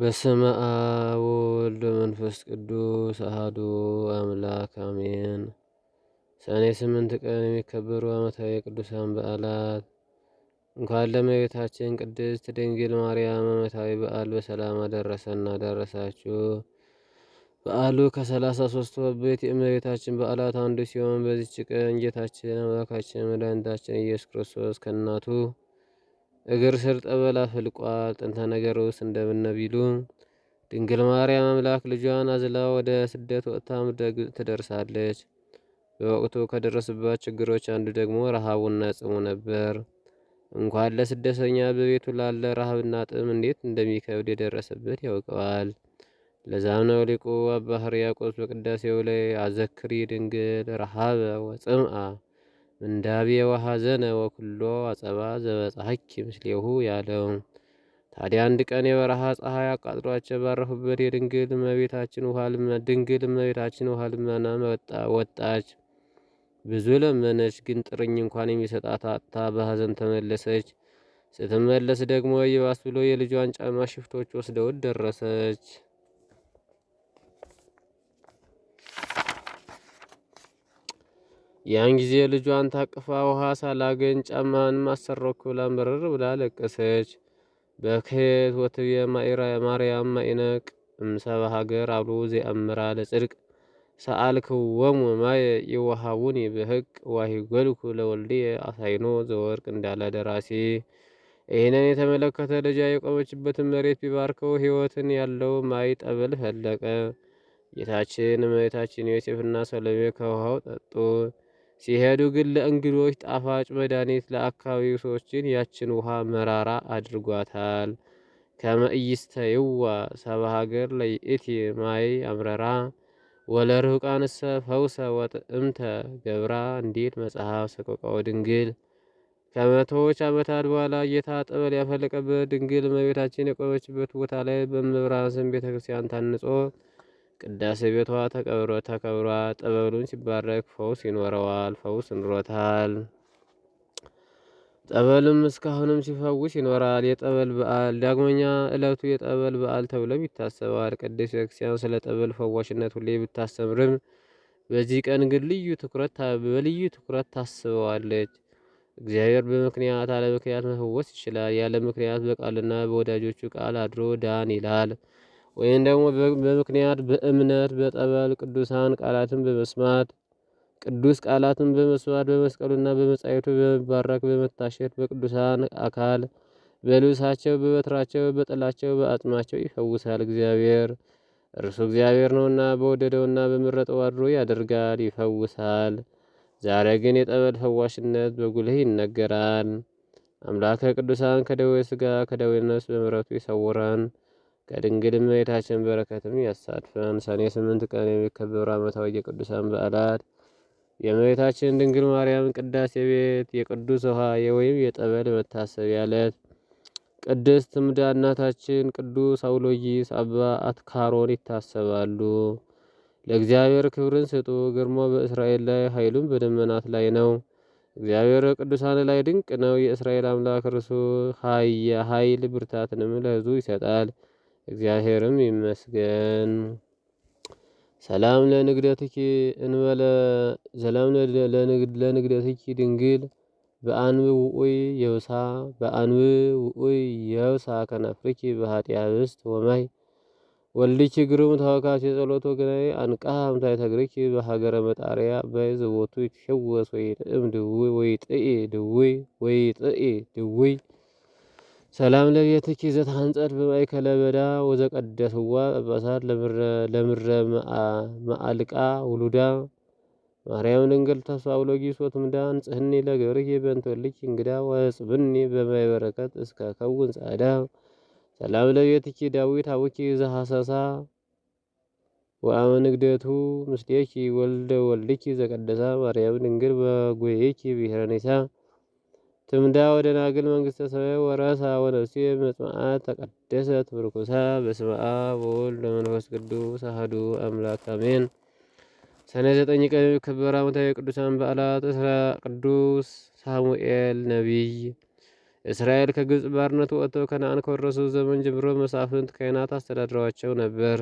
በስመ አብ ወወልድ ወመንፈስ ቅዱስ አሐዱ አምላክ አሜን። ሰኔ ስምንት ቀን የሚከበሩ ዓመታዊ የቅዱሳን በዓላት እንኳን ለመቤታችን ቅድስት ድንግል ማርያም ዓመታዊ በዓል በሰላም አደረሰና አደረሳችሁ። በዓሉ ከሰላሳ ሶስቱ አበይት የእመቤታችን በዓላት አንዱ ሲሆን በዚች ቀን ጌታችን አምላካችን መድኃኒታችን ኢየሱስ ክርስቶስ ከእናቱ እግር ስር ጠበል አፈልቋል። ጥንተ ነገር ውስጥ እንደምነቢሉ ድንግል ማርያም አምላክ ልጇን አዝላ ወደ ስደት ወጥታ ምድረ ትደርሳለች። በወቅቱ ከደረሰባት ችግሮች አንዱ ደግሞ ረሃቡና ጽሙ ነበር። እንኳን ለስደተኛ በቤቱ ላለ ረሃብና ጥም እንዴት እንደሚከብድ የደረሰበት ያውቀዋል። ለዛም ነው ሊቁ አባ ሕርያቆስ በቅዳሴው ላይ አዘክሪ ድንግል ረሃበ ወጽምአ ምንዳቤ ወሐዘነ ወኩሎ አጸባ ዘበፀሐኪ ምስሌሁ ያለው። ታዲያ አንድ ቀን የበረሃ ፀሐይ አቃጥሏቸው ባረፉበት የድንግል እመቤታችን ውሃ ድንግል እመቤታችን ውሃ ልመና ወጣች። ብዙ ለመነች፣ ግን ጥርኝ እንኳን የሚሰጣት አጥታ በሐዘን ተመለሰች። ስትመለስ ደግሞ ይባስ ብሎ የልጇን ጫማ ሽፍቶች ወስደውት ደረሰች። ያን ጊዜ ልጇን ታቅፋ ውሃ ሳላገኝ ጫማን ማሰረኩ ብላ ብላ ለቀሰች። በክት ወትብየ ማርያም ማይነቅ እምሰባ ሀገር አብሎ ዘአምራ ለጽድቅ ወሙ ማየ ይወሃቡኒ ዋሂ ጎልኩ ለወልድየ አሳይኖ ዘወርቅ እንዳለ ደራሲ። ይህንን የተመለከተ ልጇ የቆመችበትን መሬት ቢባርከው ሕይወትን ያለው ማይ ጠበል ፈለቀ። ጌታችን እመቤታችን ዮሴፍና ሰሎሜ ከውሃው ጠጡ። ሲሄዱ ግን ለእንግዶች ጣፋጭ መድኃኒት፣ ለአካባቢው ሰዎችን ያችን ውሃ መራራ አድርጓታል። ከመእይስተይዋ ሰባ ሀገር ለይእቲ ማይ አምረራ ወለርሑቃንሰ ፈውሰ ወጥእምተ ገብራ እንዲል መጽሐፍ ሰቆቃወ ድንግል። ከመቶዎች ዓመታት በኋላ ጌታ ጠበል ያፈለቀበት ድንግል እመቤታችን የቆመችበት ቦታ ላይ በመብራን ስም ቤተክርስቲያን ታንጾ ቅዳሴ ቤቷ ተቀብሮ ተከብሯ ጠበሉን ሲባረክ ፈውስ ይኖረዋል፣ ፈውስ ኑሮታል። ጠበልም እስካሁንም ሲፈውስ ይኖራል። የጠበል በዓል ዳግመኛ ዕለቱ የጠበል በዓል ተብሎም ይታሰባል። ቅድስት ቤተክርስቲያን ስለ ጠበል ፈዋሽነት ሁሌ ብታስተምርም በዚህ ቀን ግን ልዩ ትኩረት በልዩ ትኩረት ታስበዋለች። እግዚአብሔር በምክንያት አለ ምክንያት መፈወስ ይችላል። ያለ ምክንያት በቃልና በወዳጆቹ ቃል አድሮ ዳን ይላል። ወይም ደግሞ በምክንያት በእምነት በጠበል ቅዱሳን ቃላትን በመስማት ቅዱስ ቃላትን በመስማት በመስቀሉና በመጻሕፍቱ በመባረክ በመታሸት በቅዱሳን አካል በልብሳቸው በበትራቸው በጥላቸው በአጽማቸው ይፈውሳል። እግዚአብሔር እርሱ እግዚአብሔር ነውና በወደደውና በመረጠው አድሮ ያደርጋል፣ ይፈውሳል። ዛሬ ግን የጠበል ፈዋሽነት በጉልህ ይነገራል። አምላከ ቅዱሳን ከደዌ ሥጋ ከደዌ ነፍስ በምሕረቱ ይሰውረን። ከድንግል እመቤታችን በረከትም ያሳድፈን። ሰኔ ስምንት ቀን የሚከበሩ ዓመታዊ የቅዱሳን በዓላት የእመቤታችን ድንግል ማርያም ቅዳሴ ቤት፣ የቅዱስ ውሃ የወይም የጠበል መታሰቢያ ዕለት፣ ቅድስት ትምዳ እናታችን፣ ቅዱስ አውሎጂስ፣ አባ አትካሮን ይታሰባሉ። ለእግዚአብሔር ክብርን ስጡ፣ ግርሞ በእስራኤል ላይ ኃይሉን በደመናት ላይ ነው። እግዚአብሔር ቅዱሳን ላይ ድንቅ ነው። የእስራኤል አምላክ እርሱ ኃይል ብርታትንም ለሕዝቡ ይሰጣል። እግዚአብሔርም ይመስገን። ሰላም ለንግደትኪ እንበለ ሰላም ለንግደትኪ ድንግል በአንብ ውኡይ የውሳ በአንብ ውኡይ የውሳ ከናፍርኪ በኃጢአት ብስት ወማይ ወልድኪ ግሩም ተወካሴ የጸሎት ግናይ አንቃ እምታይ ተግርኪ በሀገረ መጣሪያ በይ ዘቦቱ ይትሸወስ ወይ ጥእም ድውይ ወይ ጥኢ ድውይ ወይ ጥኢ ድውይ ሰላም ለቤትኪ ዘተሐንጸት በማእከለ በዳ ወዘቀደስዋ ጳጳሳት ለምረ ማዕልቃ ውሉዳ ማርያም ድንግል ተስፋው ለጊሶት ምዳን ንጽህኒ ለገብርኪ በንቶልኪ እንግዳ ወጽብኒ በማይበረከት እስከ ከውን ጻዳ ሰላም ለቤትኪ ዳዊት አቡኪ ዘሐሰሳ ወአመንግደቱ ምስሌኪ ወልደ ወልድኪ ዘቀደሳ ማርያም ድንግል በጎየኪ ብሔረ ትምዳ ወደ ናግል መንግስተ ሰማይ ወረሳ ወነፍሴ መጽማዓት ተቀደሰት ብርኩሳ በስመ አብ ወወልድ ወመንፈስ ቅዱስ አሐዱ አምላክ አሜን። ሰኔ ዘጠኝ ቀን የሚከበር ዓመታዊ ቅዱሳን በዓላት እስራ ቅዱስ ሳሙኤል ነቢይ። እስራኤል ከግብፅ ባርነት ወጥተው ከነአን ከወረሱ ዘመን ጀምሮ መሳፍንት ካህናት አስተዳድረዋቸው ነበር።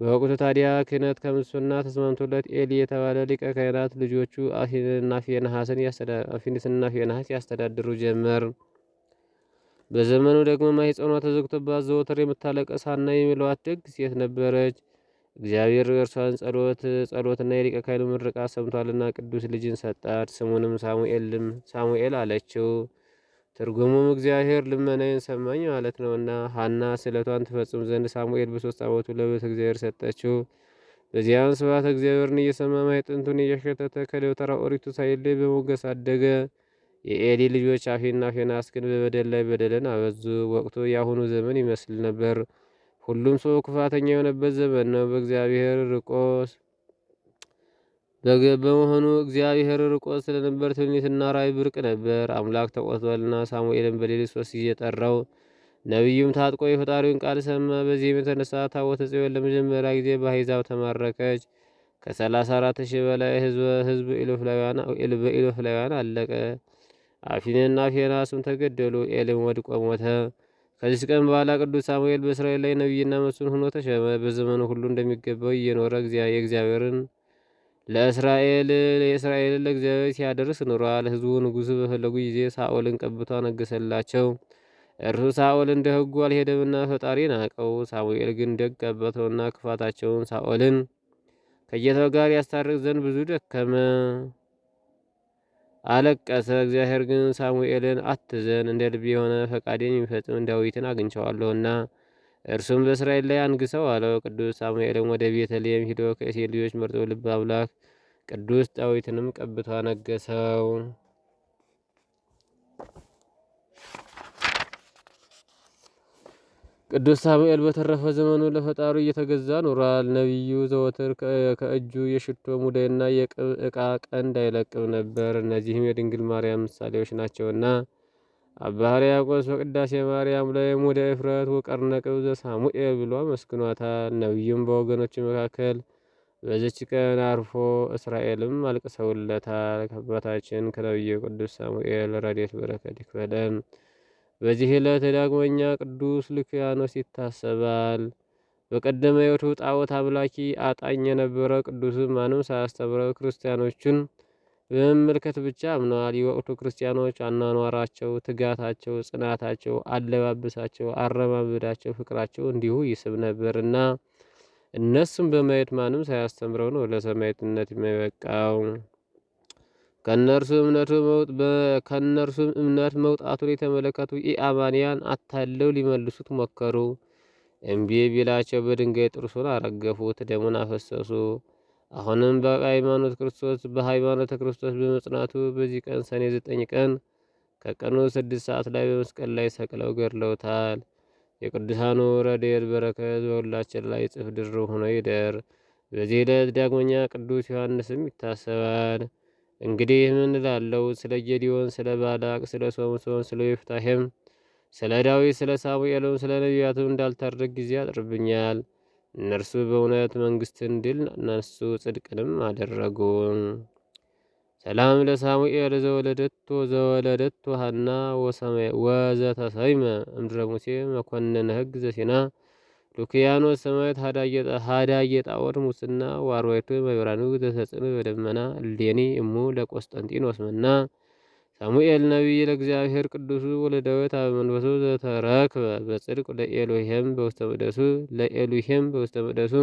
በወቅቱ ታዲያ ክህነት ከምሱና ተስማምቶለት ኤሊ የተባለ ሊቀ ካህናት ልጆቹ አፊንስና ፊንሐስን ያስተዳድሩ ጀመር። በዘመኑ ደግሞ ማኅፀኗ ተዘግቶባት ዘወትር የምታለቅስ ሐና የሚሏት ደግ ሴት ነበረች። እግዚአብሔር እርሷን ጸሎት ጸሎትና የሊቀ ካህኑ ምርቃት ሰምቷልና ቅዱስ ልጅን ሰጣት። ስሙንም ሳሙኤልም ሳሙኤል አለችው። ትርጉሙም እግዚአብሔር ልመናዬን ሰማኝ ማለት ነው እና ሀና ስለቷን ትፈጽም ዘንድ ሳሙኤል በሶስት ዓመቱ ለቤተ እግዚአብሔር ሰጠችው። በዚያም ስብሐተ እግዚአብሔርን እየሰማ ማዕጠንቱን እያሸተተ ከደብተራ ኦሪቱ ሳይለይ በሞገስ አደገ። የኤሊ ልጆች አፊና ፊናስ ግን በበደል ላይ በደልን አበዙ። ወቅቱ የአሁኑ ዘመን ይመስል ነበር። ሁሉም ሰው ክፋተኛ የሆነበት ዘመን ነው። በእግዚአብሔር ርቆስ በመሆኑ እግዚአብሔር ርቆ ስለነበር ትንቢትና ራእይ ብርቅ ነበር። አምላክ ተቆጥቷልና ሳሙኤልን በሌሊት ሶስት ጊዜ ጠራው። ነቢዩም ታጥቆ የፈጣሪውን ቃል ሰማ። በዚህም የተነሳ ታቦተ ጽዮን ለመጀመሪያ ጊዜ በአሕዛብ ተማረከች። ከ አራት ሺህ በላይ ሕዝብ በኢሎፍላውያን አለቀ። አፊንና ፊናስም ተገደሉ። ኤልም ወድቆ ሞተ። ከዚህ ቀን በኋላ ቅዱስ ሳሙኤል በእስራኤል ላይ ነቢይና መሱን ሆኖ ተሸመ። በዘመኑ ሁሉ እንደሚገባው እየኖረ የእግዚአብሔርን ለእስራኤል የእስራኤልን ለእግዚአብሔር ሲያደርስ ኑሯል። ህዝቡ ንጉሥ በፈለጉ ጊዜ ሳኦልን ቀብቶ አነገሰላቸው። እርሱ ሳኦል እንደ ህጉ አልሄደምና ፈጣሪ ናቀው። ሳሙኤል ግን ደግ ክፋታቸውን ሳኦልን ከጌታው ጋር ያስታርቅ ዘንድ ብዙ ደከመ፣ አለቀሰ። እግዚአብሔር ግን ሳሙኤልን አትዘን፣ እንደ ልቤ የሆነ ፈቃዴን የሚፈጽም ዳዊትን አግኝቸዋለሁና እርሱም በእስራኤል ላይ አንግሰው አለው። ቅዱስ ሳሙኤልም ወደ ቤተልሔም ሂዶ ከእሴ ልጆች መርጦ ልበ አምላክ ቅዱስ ዳዊትንም ቀብቶ አነገሰው። ቅዱስ ሳሙኤል በተረፈ ዘመኑ ለፈጣሩ እየተገዛ ኖሯል። ነቢዩ ዘወትር ከእጁ የሽቶ ሙዳይና የዕቃ ቀንድ አይለቅም ነበር። እነዚህም የድንግል ማርያም ምሳሌዎች ናቸውና አባ ሕርያቆስ በቅዳሴ ማርያም ላይ ሙደ እፍረት ወቀርነ ቅብዘ ሳሙኤል ብሎ አመስግኗታል። ነቢዩም በወገኖች መካከል በዚች ቀን አርፎ እስራኤልም አልቅሰውለታል። ከአባታችን ከነቢዩ ቅዱስ ሳሙኤል ረድኤት በረከት ይክፈለን። በዚህ ዕለት ዳግመኛ ቅዱስ ልክያኖስ ይታሰባል። በቀደመ ሕይወቱ ጣዖት አምላኪ አጣኝ የነበረ ቅዱስም ማንም ሳያስተምረው ክርስቲያኖቹን በመመልከት ብቻ አምነዋል። የወቅቱ ክርስቲያኖች አኗኗራቸው፣ ትጋታቸው፣ ጽናታቸው፣ አለባበሳቸው፣ አረማመዳቸው፣ ፍቅራቸው እንዲሁ ይስብ ነበር እና እነሱም በማየት ማንም ሳያስተምረው ነው ለሰማዕትነት የሚበቃው። ከእነርሱም እምነት መውጣቱን የተመለከቱ ኢአማንያን አታለው ሊመልሱት ሞከሩ። እምቢ ቢላቸው በድንጋይ ጥርሱን አረገፉት፣ ደሙን አፈሰሱ። አሁንም በሃይማኖት ክርስቶስ በሃይማኖተ ክርስቶስ በመጽናቱ በዚህ ቀን ሰኔ ዘጠኝ ቀን ከቀኑ ስድስት ሰዓት ላይ በመስቀል ላይ ሰቅለው ገድለውታል። የቅዱሳኑ ረድኤት በረከት በሁላችን ላይ ጽፍ ድር ሆኖ ይደር። በዚህ ዕለት ዳግመኛ ቅዱስ ዮሐንስም ይታሰባል። እንግዲህ ምን እላለሁ? ስለ ጌዲዮን፣ ስለ ባላቅ፣ ስለ ሶምሶን፣ ስለ ዮፍታሔም፣ ስለ ዳዊት፣ ስለ ሳሙኤልም ስለ ነቢያቱም እንዳልታደርግ ጊዜ አጥርብኛል። እነርሱ በእውነት መንግስትን ድል እነሱ ጽድቅንም አደረጉ። ሰላም ለሳሙኤል ዘወለደቶ ዘወለደቶ ሃና ወዘተሰይመ እምድረ ሙሴ መኮንን ህግ ዘሲና ሉክያኖ ሰማያት ሃዳየ ጣዖት ሙስና ዋርዋይቱ መብራኑ ዘተጽዕኖ በደመና ሌኒ እሙ ለቆስጠንጢኖስ መና ሳሙኤል ነቢይ ለእግዚአብሔር ቅዱሱ ወለዳዊት አበመንፈሱ ዘተረክበ በጽድቅ ለኤሎሄም በውስተ መቅደሱ ለኤሎሄም በውስተ መቅደሱ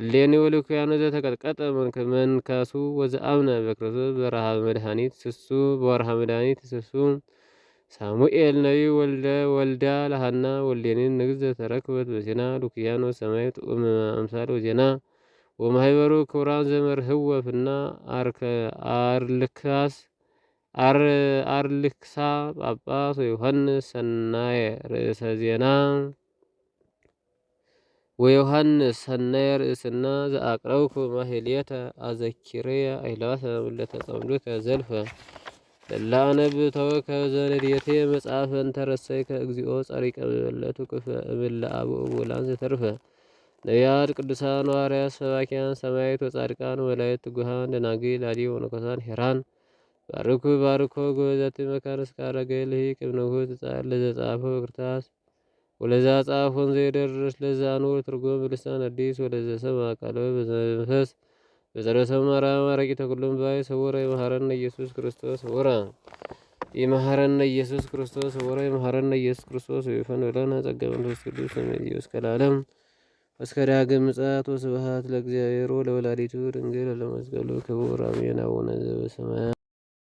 እሌኒ ወልኩያኑ ዘተቀጥቀጠ መንካሱ ወዘአብነ በክርስቶስ በረሃብ መድኃኒት ስሱ በወርሃ መድኃኒት ስሱ ሳሙኤል ነቢ ወልደ ወልዳ ለሃና ወልዴኒ ንግስ ዘተረክበት በዜና ሉክያኖ ሰማይት አምሳል ወዜና ወማህበሩ ክቡራን ዘመርህወፍና አርልካስ አርልክሳ ጳጳስ ዮሐንስ ሰናየ ርእሰ ዜና ወዮሐንስ ሰናየ ርእስና ዘአቅረብኩ ማህሌተ አዘኪሬየ አይላፈ ምለተ ዘልፈ ለአነብ ተወከ ዘንዴቴ መጽሐፈን እንተረሰይ ከእግዚኦ ጸሪቀ መበለቱ ክፈ እብል አብኡ ቡላን ዘተርፈ ነቢያት ቅዱሳን ሐዋርያት ሰባኪያን ሰማይት፣ ወጻድቃን ወላእት ጉሃን ደናግል አዲ ወነኮሳን ሄራን ባርኩ ባርኮ ጎበዛት መካረስ ካረገል ቅብነሁ ትጻል ለዘጻፈ በክርታስ ወለዛ ጻፍ ዘይደርስ ለዛ ኖር ትርጉም ብልሳን አዲስ ወለዘ ሰማ ቃለ በመንፈስ በዘረሰማራ ማረቂ ተኩሎም ባይ ሰወረ የመሐረነ ኢየሱስ ክርስቶስ ወራ የመሐረነ ኢየሱስ ክርስቶስ ወራ የመሐረነ ኢየሱስ ክርስቶስ ወይፈን ብለን ጸጋ መንፈስ ቅዱስ ኢየሱስ ከላለም እስከ ዳግም ምጽአት ወስብሐት ለእግዚአብሔር ለወላዲቱ ድንግል ለመስቀሉ ክቡር አሜን። አቡነ ዘበሰማያት